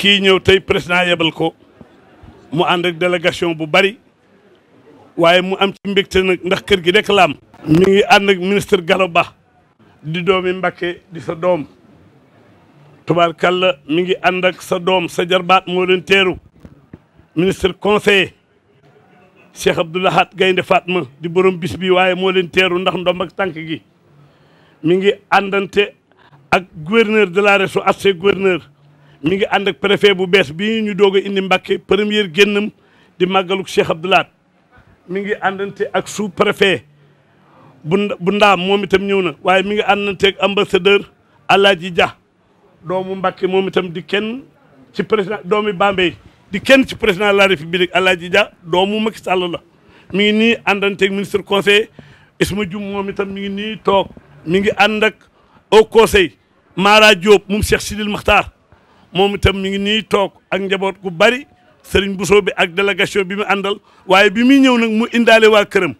kii ñëw tey président yebal ko mu ànd delegation bu bari waaye mu am ci mbégte nag ndax kër gi rek la mu ngi ànd ak ministre Gallo Ba di doomi mbake di sa doom tubaarkàlla mi ngi ànd ak sa doom sa jarbaat moo leen teeru ministre conseiller Cheikh Abdoulahat Gaynde Fatma di borom bis bi waaye moo leen teeru ndax ndomb ak tànk gi mu ngi àndante ak gouverneur de la région ak ses mi ngi ànd ak préfet bu bees bii ñu doog a indi Mbàkke première génnam di màggaluk Cheikh Abdou Lahad mi ngi àndante ak sous préfet bu ndaam moom itam ñëw na waaye mi ngi àndante ak ambassadeur Alaaji Dia doomu Mbàkke moom itam di kenn ci président doomi Bambey di kenn ci président de la république Alaaji Dia doomu Macky Sall la mi ngi nii àndante ak ministre conseil Isma Dioum moom itam mi ngi nii toog mi ngi ànd ak au conseil Mara Diop mu Cheikh Sidil Makhtar moom itam mi ngi nii toog ak njaboot gu bari sëriñ Bousso bi ak délégation bi mu àndal waaye bi muy ñëw nag mu indaale waa këram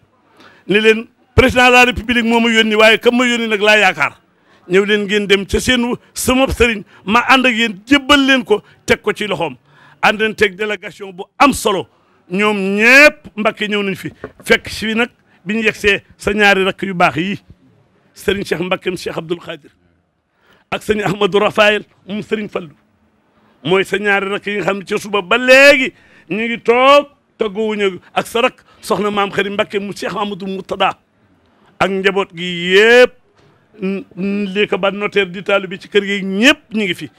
ni leen président la république moo ma yónni waaye kam ma yónni nag laa yaakaar ñëw leen ngeen dem ca seen sama sëriñ ma ànd ak yéen jébbal leen ko teg ko ci loxoom àndan teg délégation bu am solo ñoom ñëpp Mbàkke ñëw nañ fi fekk si nag bi ñu yegsee sa ñaari rakk yu baax yi sëriñ Cheikh Mbàkke mu Cheikh Abdoul ak sëriñ Ahmadou Rafael mu sëriñ Fallu mooy sa ñaari rakk yi nga xam ne ca suba ba léegi ñu ngi toog togguwuñu ak sa rak soxna maam xëri Mbakke mu Cheikh Amadou Moutada ak njaboot gi yëpp lii ba notaire di taalu bi ci kër gi ñëpp ñu ngi fi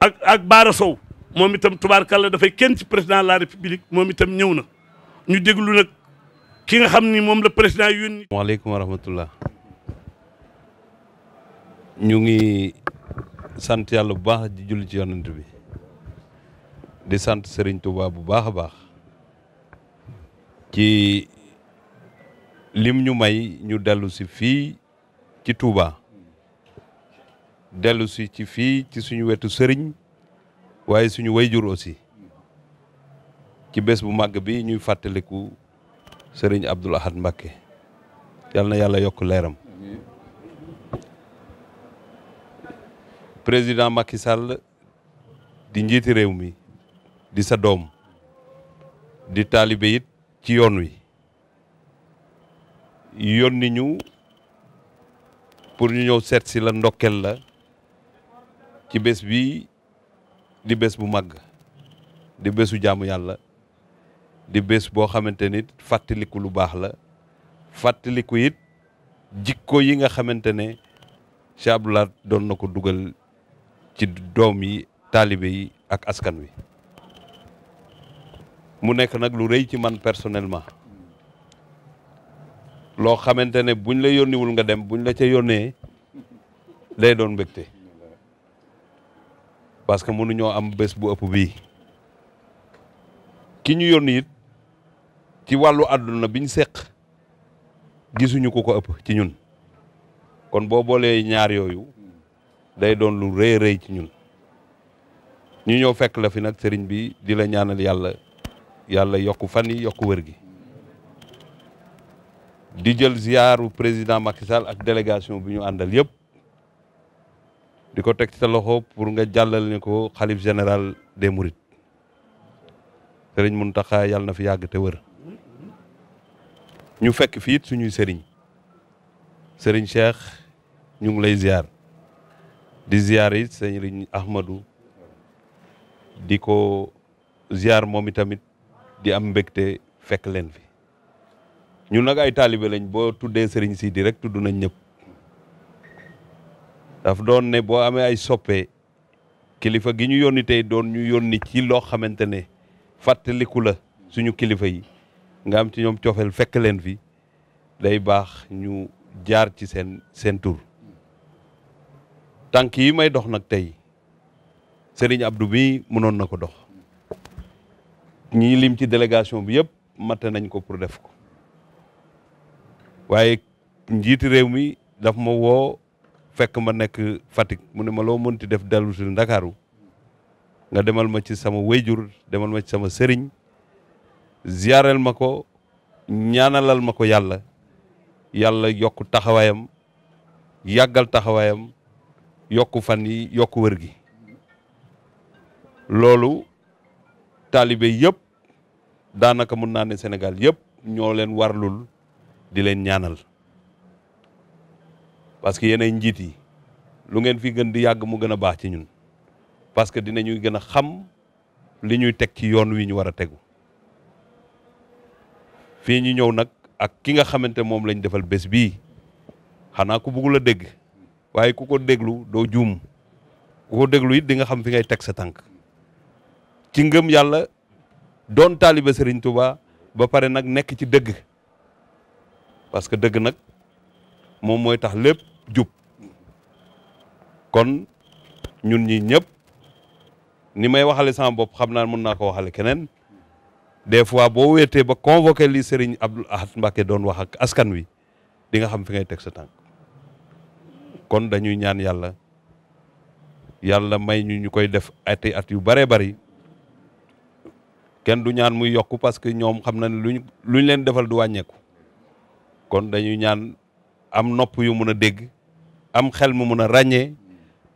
ak ak Baara Sow moom itam tubaar tubaarkàlla dafay kenn ci président la république moom itam ñëw na ñu déglu nag ki nga xam ni moom la président yónni. waaleykum wa rahmatullah ñu ngi. sant yàlla bu baax di julli ci yonent bi di sant sëriñ Touba bu baax a baax ci lim ñu may ñu dellu si fii ci Touba dellusi ci fii ci suñu wetu sëriñ waaye suñu wayjur aussi ci bés bu màgg bi ñuy fàttaliku sëriñ Abdoul Ahad mbakke yal na yàlla yokk leeram président Macky Sall di njiiti réew mi di sa doom di taalibe ci yoon wi yónni ñu pour ñu ñëw seet si la ndokkel la ci bés bi di bés bu màgg di bésu jaamu yàlla di bés boo xamante ni fàttaliku lu baax la fàttaliku it jikko yi nga xamante ne Cheikh doon na ko dugal ci doom yi taalibe yi ak askan wi mu nekk nag lu rëy ci man personnellement loo xamante ne buñ la yónniwul nga dem buñ la ca yónnee day doon mbégte parce que mënuñoo am bés bu ëpp bii ki ñu yónni it ci wàllu àdduna biñ seq gisuñu ko ko ëpp ci ñun kon boo boolee ñaar yooyu day doon lu rëy rëy ci ñun ñu ñëw fekk la fi nag sëriñ bi di la ñaanal yàlla yàlla yokku fan yi yokku wër gi di jël ziaru président Macky Sall ak délégation bi ñu àndal yëpp di ko teg sa loxo pour nga jàllal ni ko xalif général des murit sëriñ Mountakha yàlla na fi yàgg te wër ñu fekk fiit it suñuy sëriñ sëriñ Cheikh ñu ngi lay ziar di ziar it sëriñ Ahmadou di ko ziar moom itamit di am mbégte fekk leen fi ñu nag ay taalibe lañ boo tuddee sëriñ si rek tudd nañ ñëpp daf doon ne boo amee ay soppee kilifa gi ñu yónni tey doon ñu yónni ci loo xamante ne fàttaliku la suñu kilifa yi nga am ci ñoom cofeel fekk leen fi day baax ñu jaar ci seen seen tur tànk yi may dox nag tey sëriñ Abdou bi mënoon na ko dox ñi lim ci délégation bi yëpp matte nañ ko pour def ko waaye njiiti réew mi daf ma woo fekk ma nekk fatik mu ne ma loo mënti def dellu Ndakaaru nga demal ma ci sama wéyjur demal ma ci sama sëriñ ziareel ma ko ñaanalal ma ko yàlla yàlla yokk taxawaayam yàggal taxawaayam yokk fan yi yokk wër gi loolu taalibe yëpp daanaka mun naa ne Sénégal yëpp ñoo leen warlul di leen ñaanal parce que yeneen njiit yi lu ngeen fi gën di yàgg mu gën a baax ci ñun parce que dinañuy gën a xam li ñuy teg ci yoon wi ñu war a tegu fii ñu ñëw nag ak ki nga xamante moom lañ defal bés bii xanaa ku bëggul a dégg waaye ku ko déglu doo juum ku ko déglu it di nga xam fi ngay teg sa tànk ci ngëm yàlla doon taalibe Serigne Touba ba pare nag nekk ci dëgg parce que dëgg nag moom mooy tax lépp jub kon ñun ñi ñëpp ni may waxale sama bopp xam naa mën naa ko waxale keneen des fois boo weetee ba convoqué li Serigne Abdoul Ahad Mbacké doon wax ak askan wi di nga xam fi ngay teg sa tànk kon dañuy ñaan yàlla yàlla may ñu ñu koy def ati at yu bëree bari kenn du ñaan muy yokk parce que ñoom xam na ne luñ luñ leen defal du wàññeeku kon dañuy ñaan am nopp yu mun a dégg am xel mu mun a ràññee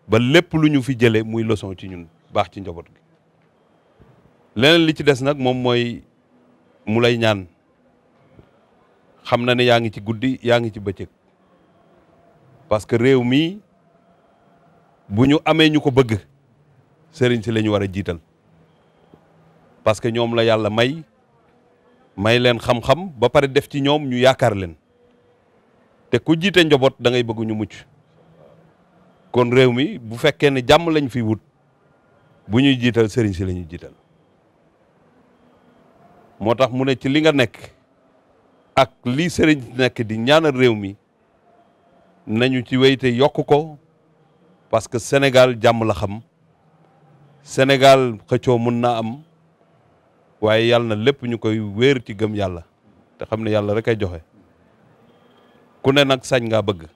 ba lépp lu ñu fi jëlee muy leçon ci ñun baax ci njaboot gi leneen li ci des nag moom mooy mu lay ñaan xam na ne yaa ngi ci guddi yaa ngi ci bëccëg parce que réew mii bu ñu amee ñu ko bëgg sëriñ si la war a jiital parce que ñoom la yàlla may may leen xam-xam ba pare def ci ñoom ñu yaakaar leen te ku jiite njaboot da ngay bëgg ñu mucc kon réew mi bu fekkee ne jàmm lañ fi wut bu ñuy jiital sëriñ si la ñuy jiital moo tax mu ne ci li nga nekk ak lii sëriñ nekk di ñaanal réew mi nañu ci wéy yokk ko parce que senegal jàmm la xam senegal xëccoo mun na am waaye yàlla na lépp ñu koy wéer ci gëm yàlla te xam ne yàlla rek ay joxe ku ne nag sañ nga bëgg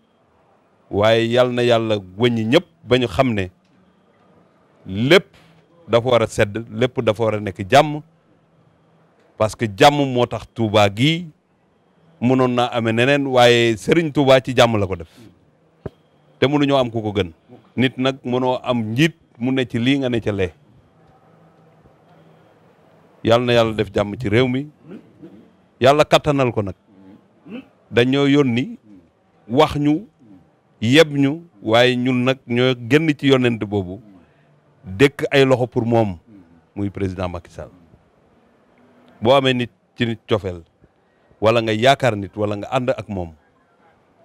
waaye yàlla na yàlla wëññi ñëpp ba ñu xam ne lépp dafa war a sedd lépp dafa war a nekk jàmm parce que jàmm moo tax Tuubaa gii mënoon naa amee neneen waaye Serigne Touba ci jàmm la ko def te mënuñoo am ku ko gën nit nag mënoo am njiit mun ne ci lii nga ne ca lee yàlla na yàlla def jàmm ci réew mi yàlla kattanal ko nag dañoo yónni wax ñu yeb ñu waaye ñun nag ñoo génn ci yonent boobu dëkk ay loxo pour moom muy président Macky Sall boo amee nit ci nit cofeel wala nga yaakaar nit wala nga ànd ak moom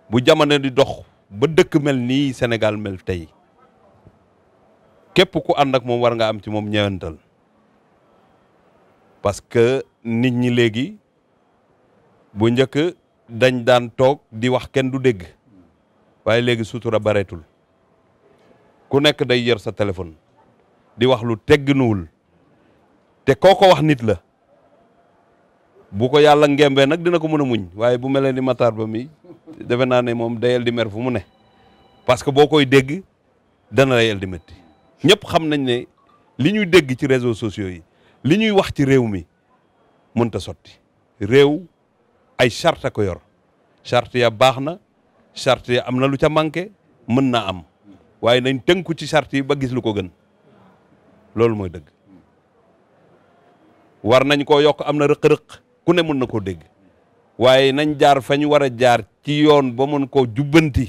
bu jamono di dox ba dëkk mel nii senegal mel tey képp ku ànd ak moom war nga am ci moom ñëwantal parce que nit ñi léegi bu njëkk dañ daan toog di wax kenn du dégg waaye léegi sutura bareetul ku nekk day yor sa téléphone di wax lu tegginuwul te kooko wax nit la bu ko yàlla ngembee nag dina ko mën a muñ waaye bu mel ni Matar Ba mi defe naa ne moom dayel di mer fu mu ne parce que boo koy dégg dana dayel di métti ñëpp xam nañ ne li ñuy dégg ci réseau sociaux yi li ñuy wax ci réew mi mënta sotti réew ay charte ko yor charte baax na charte ya am na lu ca manqué mën naa am waaye nañ tënku ci charte yi ba gis lu ko gën loolu mooy dëgg war nañ koo yokk am na rëq-rëq ku ne mën na koo dégg waaye nañ jaar fa ñu war a jaar ci yoon boo mën koo jubbanti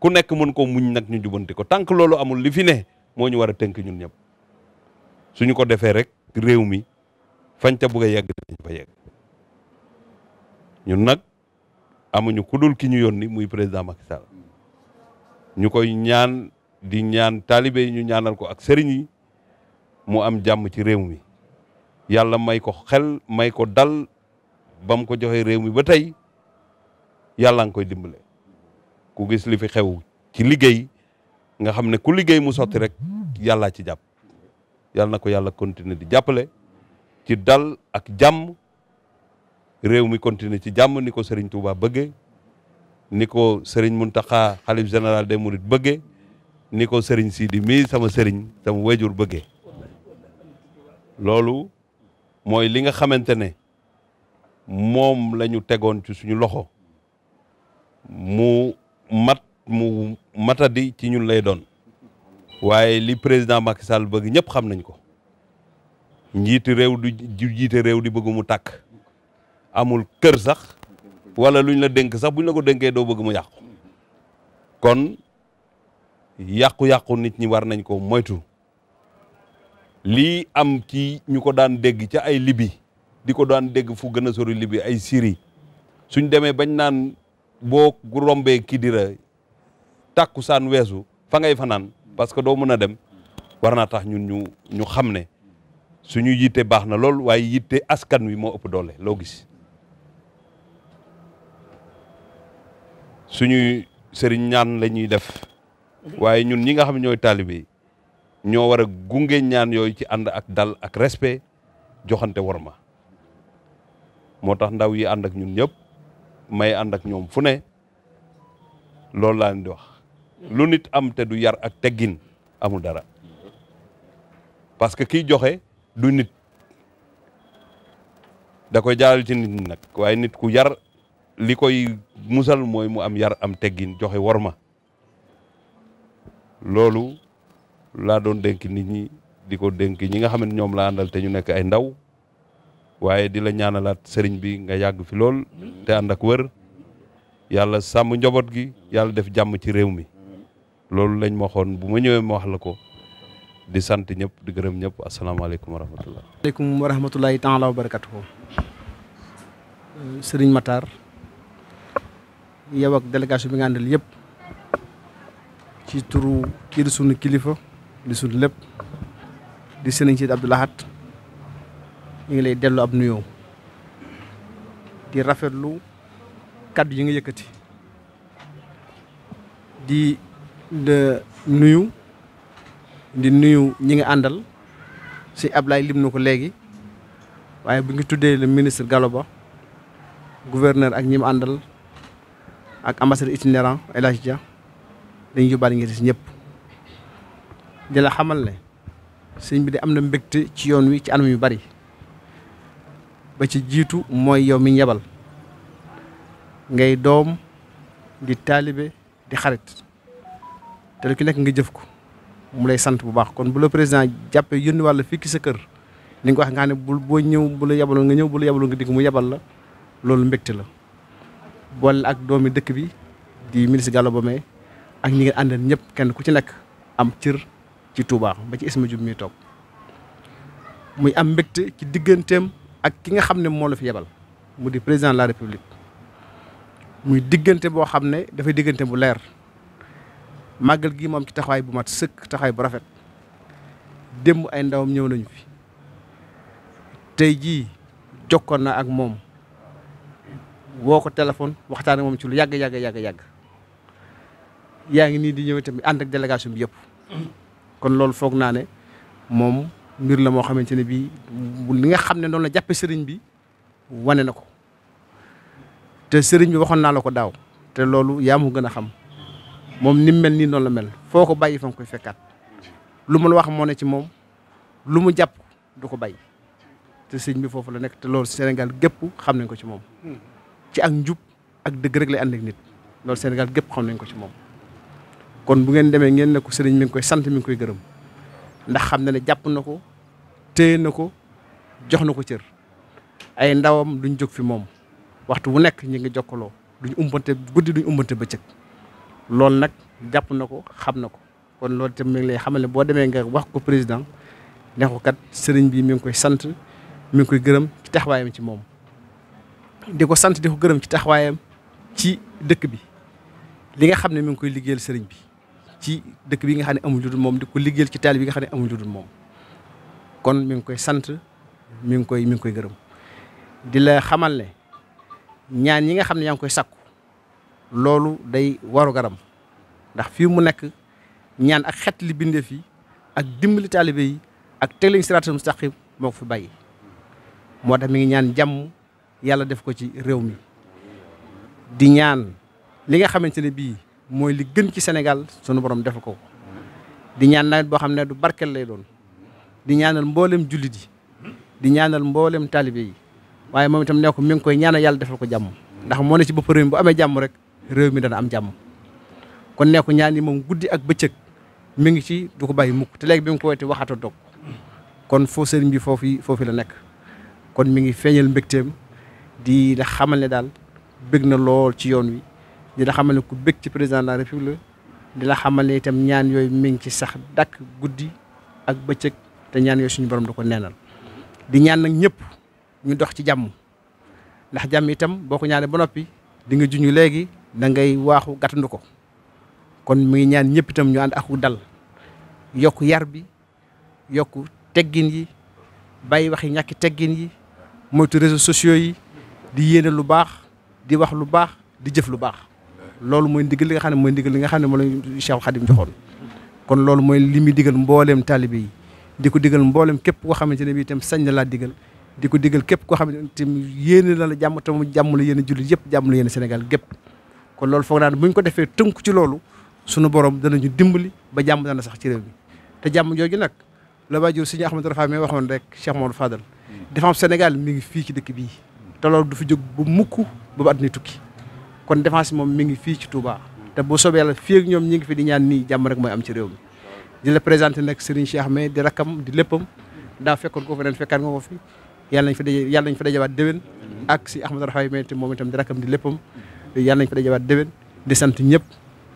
ku nekk mën ko muñ nag ñu jubbanti ko tant loolu amul li fi ne moo ñu war a tënk ñun ñëpp suñu ko defee rek réew mi fañ ca bëgg yegg dañ fa ñun nag amuñu ku dul ki ñu yónni muy président Macky Sall ñu koy ñaan di ñaan taalibe ñu ñaanal ko ak sëriñ mu am jàmm ci réew mi may ko xel may ko dal ba mu ko joxee réew mi ba tey yàlla nga koy dimbale ku gis li fi xew ci liggéey nga xam ne ku liggéey mu sotti rek yàllaa ci jàpp yàlla na ko yàlla continuer di jàppale ci dal ak jàmm réew mi continuer ci jàmm ni ko Serigne Touba bëggee ni ko Serigne Mountakha xalif général de Mourides bëggee ni ko Serigne Sidi mii sama Serigne sama wéjur bëggee loolu mooy li nga xamante ne. moom lañu tegoon ci suñu loxo mu mat mu matadi ci ñun lay doon waaye li président Macky Sall bëgg ñëpp xam nañ ko njiiti réew du jiite réew di bëgg mu tàkk amul kër sax walla luñ la dënk sax buñ la ko dénkee doo bëgg mu yàqu kon yàqu-yàqu nit ñi war nañ ko moytu lii am ci ñu ko daan dégg ca ay libi di ko daan dégg fu gën a sori Libye ay Syrie suñ demee bañ naan boo rombee Kidira tàkku saan weesu fa ngay fanaan parce que doo mën a dem war na tax ñun ñu ñu xam ne suñu yitte baax na lool waaye yitte askan wi moo ëpp doole loo gis suñuy sëriñ ñaan la ñuy def waaye ñun ñi nga xam ne ñooy taalibe ñoo war a gunge ñaan yooyu ci ànd ak dal ak respe joxante war ma moo tax ndaw yi ànd ak ñun ñëpp may ànd ak ñoom fu ne loolu laa leen wax lu nit am te du yar ak teggin amul dara parce que kiy joxe du nit da koy jaaral ci nit ñi nag waaye nit ku yar li koy musal mooy mu am yar am teggin joxe war ma loolu laa doon denki nit ñi di ko dénk ñi nga xam ñoom laa àndal te ñu nekk ay ndaw waaye di la ñaanalaat sëriñ bi nga yàgg fi lool te ànd ak wër yàlla sàmm njaboot gi yàlla def jàmm ci réew mi loolu lañ ma waxoon bu ma ñëwee ma wax la ko di sant ñëpp di gërëm ñëpp asalaamaaleykum wa rahmatullah aleykum wa rahmatullahi taala wa barakatuhu sëriñ Matar yow ak délégation bi nga àndal yëpp ci turu kii di sunu kilifa di sunu lépp di sëriñ Sidi Abdou Lahad ñu ngi lay dellu ab nuyoo di rafetlu kàddu yi nga yëkkati di nuyu di nuyu ñi ngi àndal si Ablaye lim na ko léegi waaye bu ngi tuddee le ministre Gallo Ba gouverneur ak ñi àndal ak ambassadeur itinérant El Hadj Dia dañu yóbbaale ngir si ñëpp di la xamal ne sëñ bi de am na mbégte ci yoon wi ci anam yu bari ba ci jiitu mooy yow mi yabal ngay doom di taalibe di xarit te lu ki nekk nga jëf ko mu lay sant bu baax kon bu la président jàppee yónni wàlla fii ki sa kër li nga wax nga xam ne bu boo ñëw bu la yebaloon nga ñëw bu la dikk mu yebal la loolu mbégte la boole ak doomi dëkk bi di ministre Gallo Bome ak ñi ngeen àndal ñëpp kenn ku ci nekk am cër ci Touba ba ci Isma Diouf mi toog muy am mbégte ci digganteem ak ki nga xam ne moo la fi yebal mu di président de la république muy diggante boo xam ne dafay diggante bu leer màggal gi moom ci taxawaay bu mat sëkk taxawaay bu rafet démb ay ndawam ñëw nañu fi tey jii jokkoon na ak moom woo ko téléphone waxtaan ak moom ci lu yàgg yàgg yàgg yàgg yaa ngi nii di ñëw tamit ànd ak délégation bi yëpp kon loolu foog naa ne moom mbir la moo xamante ne bii li nga xam ne noonu la jàppe sëriñ bi wane na ko te sëriñ bi waxoon naa la ko daaw te loolu yaa mu gën a xam moom ni mu mel nii noonu la mel foo ko bàyyi fa koy fekkaat lu mu la wax moo ne ci moom lu mu jàpp du ko bay te sëriñ bi foofu la nekk te loolu Sénégal gépp xam nañ ko ci moom ci ak njub ak dëgg rek ànd ak nit loolu Sénégal gépp xam nañ ko ci moom kon bu ngeen demee ngeen ne ko sëriñ mi ngi koy sant mi ngi koy gërëm ndax xam na ne jàpp na ko téye na ko jox na ko cër ay ndawam duñ jóg fi moom waxtu wu nekk ñu ngi jokkaloo duñ umbante guddi duñ umbante bëccëg loolu nag jàpp na ko xam na ko kon lool itam mi ngi lay xamal ne boo demee nga wax ko président ne ko kat sëriñ bi mi ngi koy sant mi ngi koy gërëm ci taxawaayam ci moom di ko sant di gërëm ci taxawaayam ci dëkk bi li nga xam ne mi ngi koy liggéeyal sëriñ bi ci dëkk bi nga xam ne amul lu dul moom di ko liggéeyal ci taal bi nga xam ne amul moom kon mi ngi koy sant mi ngi koy mi ngi koy gërëm di la xamal ne ñaan yi nga xam ne yaa ngi koy sakku loolu day waru garam ndax fii mu nekk ñaan ak xet li bindee fii ak dimbali taalibe yi ak teg lañ siraatal mustaqim moo ko fi bay moo tax mi ngi ñaan jàmm yàlla def ko ci réew mi di ñaan li nga xamante ne bii mooy li gën ci Sénégal sunu borom defal ko di ñaan nawet boo xam ne du barkeel lay doon di ñaanal mboolem jullit yi di ñaanal mboolem taalibe yi waaye moom itam ne ko mi ngi koy ñaanal yàlla defal ko jàmm ndax moo ne ci bopp réew mi bu amee jàmm rek réew mi dana am jàmm kon nekku ko ñaan yi moom guddi ak bëccëg mi ngi ci du ko bay mukk te léegi bi mu ko weete waxata dog kon foo sëriñ bi foofu foofu la nekk kon mi ngi feeñal mbégteem di la xamal ne daal bëgg na lool ci yoon wi di la xamal ne ku bëgg ci président de la di la xamal itam ñaan yooyu mi ngi ci sax dàkk guddi ak bëccëg te ñaan yooyu suñu borom da ko neenal di ñaan nag ñëpp ñu dox ci jàmm ndax jàmm itam boo ko ñaanee ba noppi di nga juñu léegi da ngay waaxu gàttandu ko kon mi ngi ñaan ñëpp itam ñu ànd ak dal yokk yar bi yokk teggin yi bàyyi waxi ñàkki teggin yi moytu réseaux sociaux yi di yéene lu baax di wax lu baax di jëf lu baax loolu mooy ndigal li nga xam ne mooy ndigal li nga xam ne moom la Cheikh loolu mooy li muy digal mbooleem taalibe yi di ko digal mboolem képp koo xamante ne bii itam sañ na laa digal di ko digal képp koo xamante ne itam yéene la la jàmm mu jàmm yéen a jullit yëpp jàmm la yéen Sénégal gépp kon loolu foog naa ne bu ñu ko defee tënku ci loolu suñu borom danañu dimbali ba jàmm dana sax ci réew mi te jàmm jooju nag la waajur suñu Ahmadou Rafa mi waxoon rek Cheikh Mamadou Fadal défense Sénégal mi ngi fii ci dëkk bii te loolu du fi jóg bu mukk ba ba at mi tukki kon défense moom mi ngi fii ci Touba te bu soobee yàlla fii ak ñoom ñi ngi fi di ñaan nii jàmm rek mooy am ci réew di la présenté nag Serigne Cheikh mais di rakkam di léppam daa fekkoon ko fa ren fekkaan nga ko fi yàlla nañ fa daje yàlla nañ fa dajawaat déwén ak si Ahmadou Rafaay Mate moom itam di rakkam di léppam yàlla nañ fa dajawaat déwén di sant ñëpp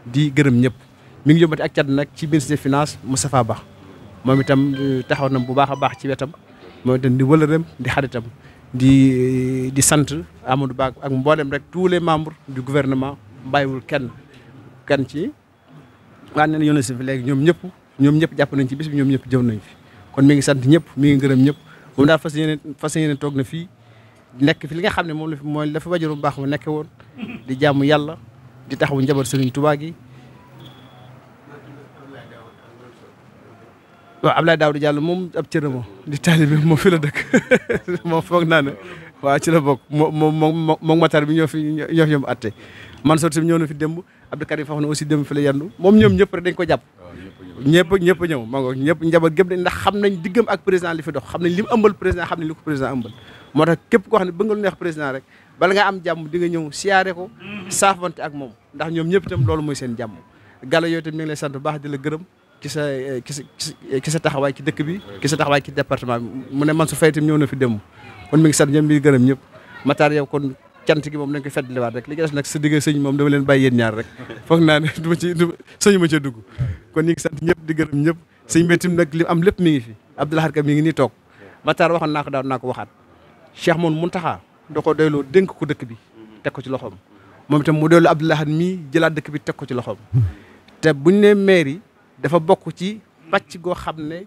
di gërëm ñëpp mi ngi yóbbante ak cat nag ci ministre des finances Moustapha Ba moom itam eh, taxaw na bu baax a baax ci wetam moom itam di wëlëram di xaritam di di sant Amadou Ba ak mboolem rek tous les membres du gouvernement bàyyiwul kenn kenn ci waa ne yoon si fi léegi ñoom ñëpp ñoom ñëpp jàpp nañ ci bis bi ñoom ñëpp jaw nañ fi kon mi ngi sant ñëpp mi ngi gërëm ñëpp moom daal fas yéene fas yéene toog na fii nekk fi li nga xam ne moom la fi mooy la fi wajuru baax ma nekke woon di jaamu yàlla di taxawu njabar Serigne Touba gi waaw Abdoulaye Daouda Diallo moom ab moom di taalibe moom fi la dëkk moom foog naa ne waaw ci la bokk moom moom moom Matar bi ñoo fi ñoo fi ñoom atte man sotti ñëw na fi démb Abdou Karim Fax na aussi démb fi la yendu moom ñoom ñëpp rek dañ ko jàpp ñëpp ñëpp ñëw ma ngoog ñëpp njaboot gépp ndax xam nañ diggam ak président li fi dox xam nañ li mu ëmbal président xam nañ li ko président ëmbal moo tax képp koo xam ne bëgg nga lu neex président rek bala nga am jàmm di nga ñëw siyaare ko saafante ak moom ndax ñoom ñëpp tam loolu mooy seen jàmm gàlla yooyu itam ñu ngi bu baax di la gërëm ki sa eh, eh, ki sa taxawaay ci dëkk bi ki sa taxawaay ci département bi mu ne man su fay itam ñëw na fi démb kon mi ngi sant ñoom mi ngi gërëm ñëpp Matar yow kon cant gi moom nañ ko feddliwaat rek li ci des nag sa digg sëñ moom dama leen bàyyi yéen ñaar rek foog naa ne duma ci kon ñu ngi sant ñëpp di gërëm ñëpp sëñ bétim nag li am lépp mi ngi fi Abdoulahat Ka mi ngi nii toog Matar waxoon naa ko daaw naa ko waxaat Cheikh moom Muntaxa da ko doyloo dénk ko dëkk bi teg ko ci loxoom moom itam mu doyloo Abdoulahat mii jëlaat dëkk bi teg ko ci loxoom te buñ ne maire dafa bokk ci pàcc goo xam ne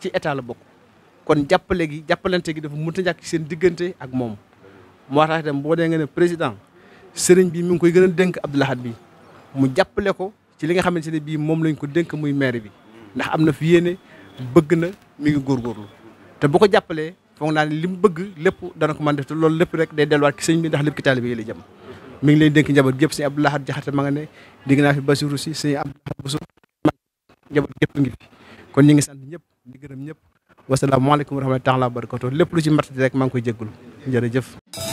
ci état la bokk kon jàppale gi jàppalante gi dafa mënut a ñàkk ci seen diggante ak moom moo tax itam boo dee nga ne président sëriñ bi mi ngi koy gën a dénk Abdoul Ahad bi mu jàppale ko ci li nga xamante ne bii moom lañ ko dénk muy maire bi ndax am na fi yéene bëgg na mi ngi góorgóorlu te bu ko jàppalee foog naa ne li mu bëgg lépp dana ko mën def te loolu lépp rek day delluwaat ci sëñ bi ndax lépp ki taalibe yi la jëm mi ngi leen dénk njaboot gépp sëñ Abdoul Ahad ma nga ne dégg naa fi Basiru si sëñ Abdoul njaboot gépp ngi fi kon ñu ngi sant ñëpp di gërëm ñëpp wasalaamaaleykum wa rahmatulah wa barakatuh lépp lu ci mbatt rek maa ngi koy jégalu jërëjëf.